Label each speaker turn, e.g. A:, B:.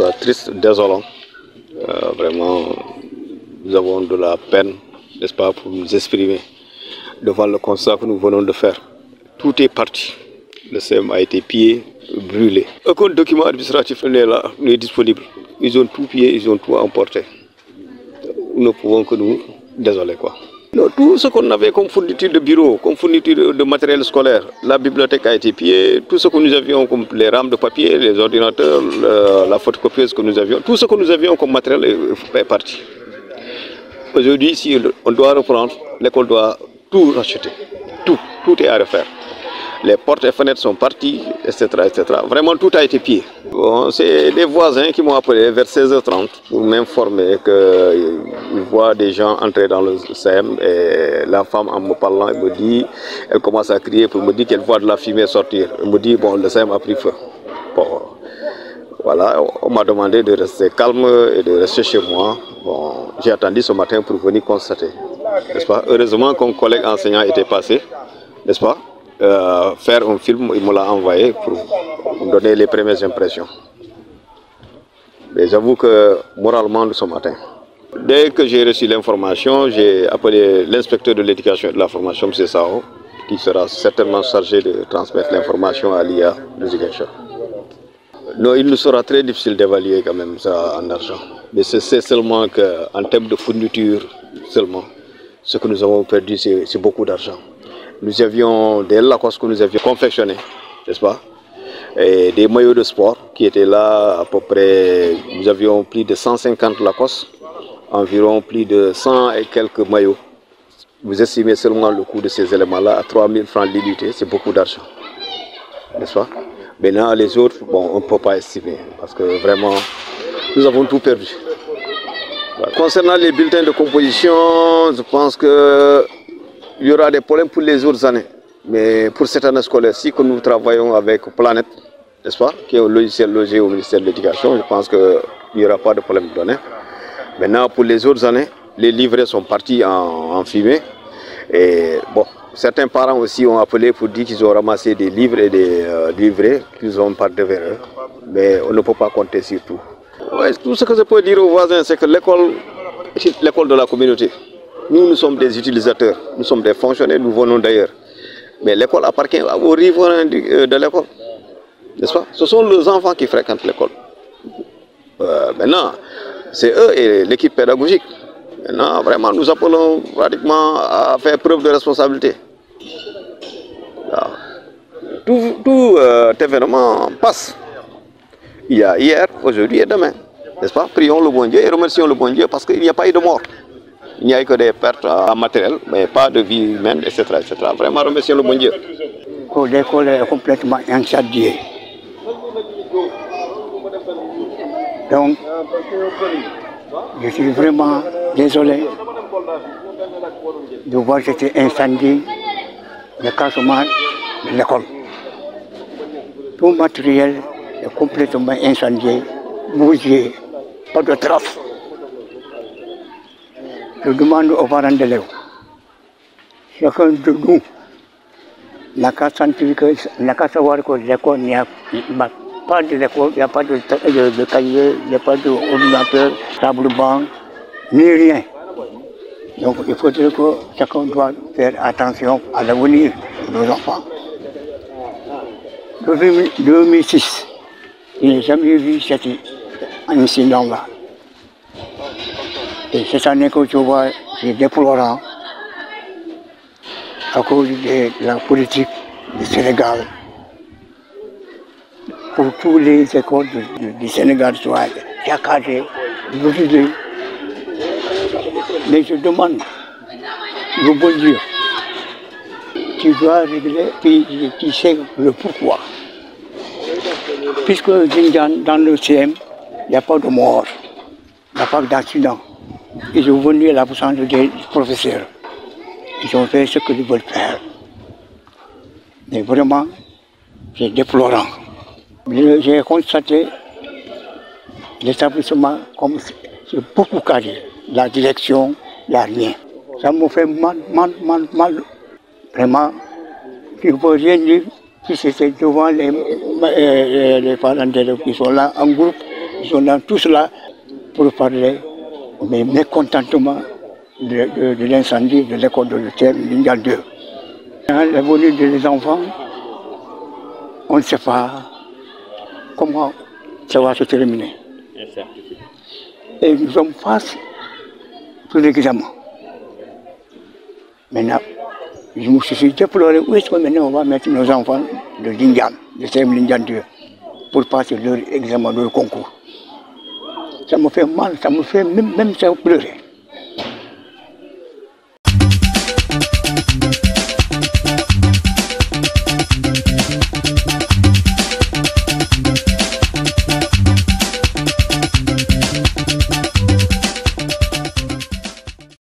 A: Euh, triste, désolant. Euh, vraiment, nous avons de la peine, n'est-ce pas, pour nous exprimer devant le constat que nous venons de faire. Tout est parti. Le CM a été pillé, brûlé. Aucun document administratif n'est là, n'est disponible. Ils ont tout pillé, ils ont tout emporté. Nous ne pouvons que nous désoler, quoi tout ce qu'on avait comme fourniture de bureau, comme fourniture de matériel scolaire, la bibliothèque a été pillée, tout ce que nous avions comme les rames de papier, les ordinateurs, la photocopieuse que nous avions, tout ce que nous avions comme matériel est, est parti. Aujourd'hui, si on doit reprendre, l'école doit tout racheter. Tout, tout est à refaire les portes et fenêtres sont parties, etc. etc. Vraiment, tout a été pire. Bon, c'est les voisins qui m'ont appelé vers 16h30 pour m'informer qu'ils euh, voient des gens entrer dans le SEM et la femme, en me parlant, elle me dit, elle commence à crier pour me dire qu'elle voit de la fumée sortir. Elle me dit, bon, le SEM a pris feu. Bon, voilà, on m'a demandé de rester calme et de rester chez moi. Bon, j'ai attendu ce matin pour venir constater. N'est-ce pas Heureusement qu'un collègue enseignant était passé, n'est-ce pas euh, faire un film, il me l'a envoyé pour me donner les premières impressions. Mais j'avoue que moralement, ce matin, dès que j'ai reçu l'information, j'ai appelé l'inspecteur de l'éducation et de la formation, M. Sao, qui sera certainement chargé de transmettre l'information à l'IA de l'éducation. Non, il nous sera très difficile d'évaluer quand même ça en argent. Mais c'est seulement qu'en termes de fourniture seulement, ce que nous avons perdu, c'est beaucoup d'argent. Nous avions des lacosses que nous avions confectionnés, n'est-ce pas et des maillots de sport qui étaient là à peu près, nous avions plus de 150 lacosses, environ plus de 100 et quelques maillots. Vous estimez seulement le coût de ces éléments-là à 3000 francs l'unité, c'est beaucoup d'argent, n'est-ce pas Maintenant, les autres, bon, on ne peut pas estimer parce que vraiment, nous avons tout perdu. Concernant les bulletins de composition, je pense que il y aura des problèmes pour les autres années. Mais pour cette année scolaire si nous travaillons avec Planète, qui est au logiciel logé au ministère de l'Éducation, je pense qu'il n'y aura pas de problème de Maintenant, pour les autres années, les livrets sont partis en, fumée. Et bon, certains parents aussi ont appelé pour dire qu'ils ont ramassé des livres et des euh, livrets qu'ils ont par devers hein. Mais on ne peut pas compter sur tout. tout ce que je peux dire aux voisins, c'est que l'école, l'école de la communauté. Nous, nous sommes des utilisateurs, nous sommes des fonctionnaires, nous venons d'ailleurs. Mais l'école appartient aux riverains euh, de l'école. N'est-ce pas Ce sont les enfants qui fréquentent l'école. Euh, maintenant, c'est eux et l'équipe pédagogique. Maintenant, vraiment, nous appelons pratiquement à faire preuve de responsabilité. tout, euh, événement passe. Il y a hier, aujourd'hui et demain. N'est-ce pas Prions le bon Dieu et remercions le bon Dieu parce qu'il n'y a pas eu de mort. Il n'y a que des pertes en matériel, mais pas de vie humaine, etc. Vraiment remercier le bon
B: L'école est complètement incendiée. Donc, je suis vraiment désolé de voir j'étais incendie, le cassement de l'école. Tout matériel est complètement incendié, bougé, pas de traces. Je demande aux parents d'élèves, chacun de nous, n'a qu'à n'a qu'à savoir que l'école, il n'y a pas de l'école, il n'y a pas de, de, de cahier, n'y a pas d'ordinateur, table banc, ni rien. Donc il faut dire que chacun doit faire attention à l'avenir de nos enfants. Depuis 2006, je n'ai jamais vu cet incident-là. Et cette année que tu vois, c'est déplorant à cause de la politique du Sénégal. Pour tous les écoles du, Sénégal soient saccagées, brûlées. Mais je demande, le bon Dieu, tu dois régler, puis tu sais le pourquoi. Puisque dans le CM, il n'y a pas de mort, il n'y a pas d'accident. Ils sont venus là pour présence des professeurs. Ils ont fait ce qu'ils veulent faire. Mais vraiment, c'est déplorant. J'ai constaté l'établissement comme c'est beaucoup carré. La direction, il n'y a rien. Ça me fait mal, mal, mal, mal. Vraiment, je ne peux rien dire. Si c'était devant les, euh, les, parents d'élèves qui sont là en groupe, ils sont là tous là pour parler mais mécontentement de, l'incendie de l'école de l'hôtel Lingal 2. Hein, la volée des enfants, on ne sait pas comment ça va se terminer. Et nous sommes face à examens. Maintenant, je me suis déploré où est-ce maintenant on va mettre nos enfants de l'Indien, de CM Lingal 2, pour passer leur examen, leur concours. Samo fe man, samo fe mem, mem se uplure.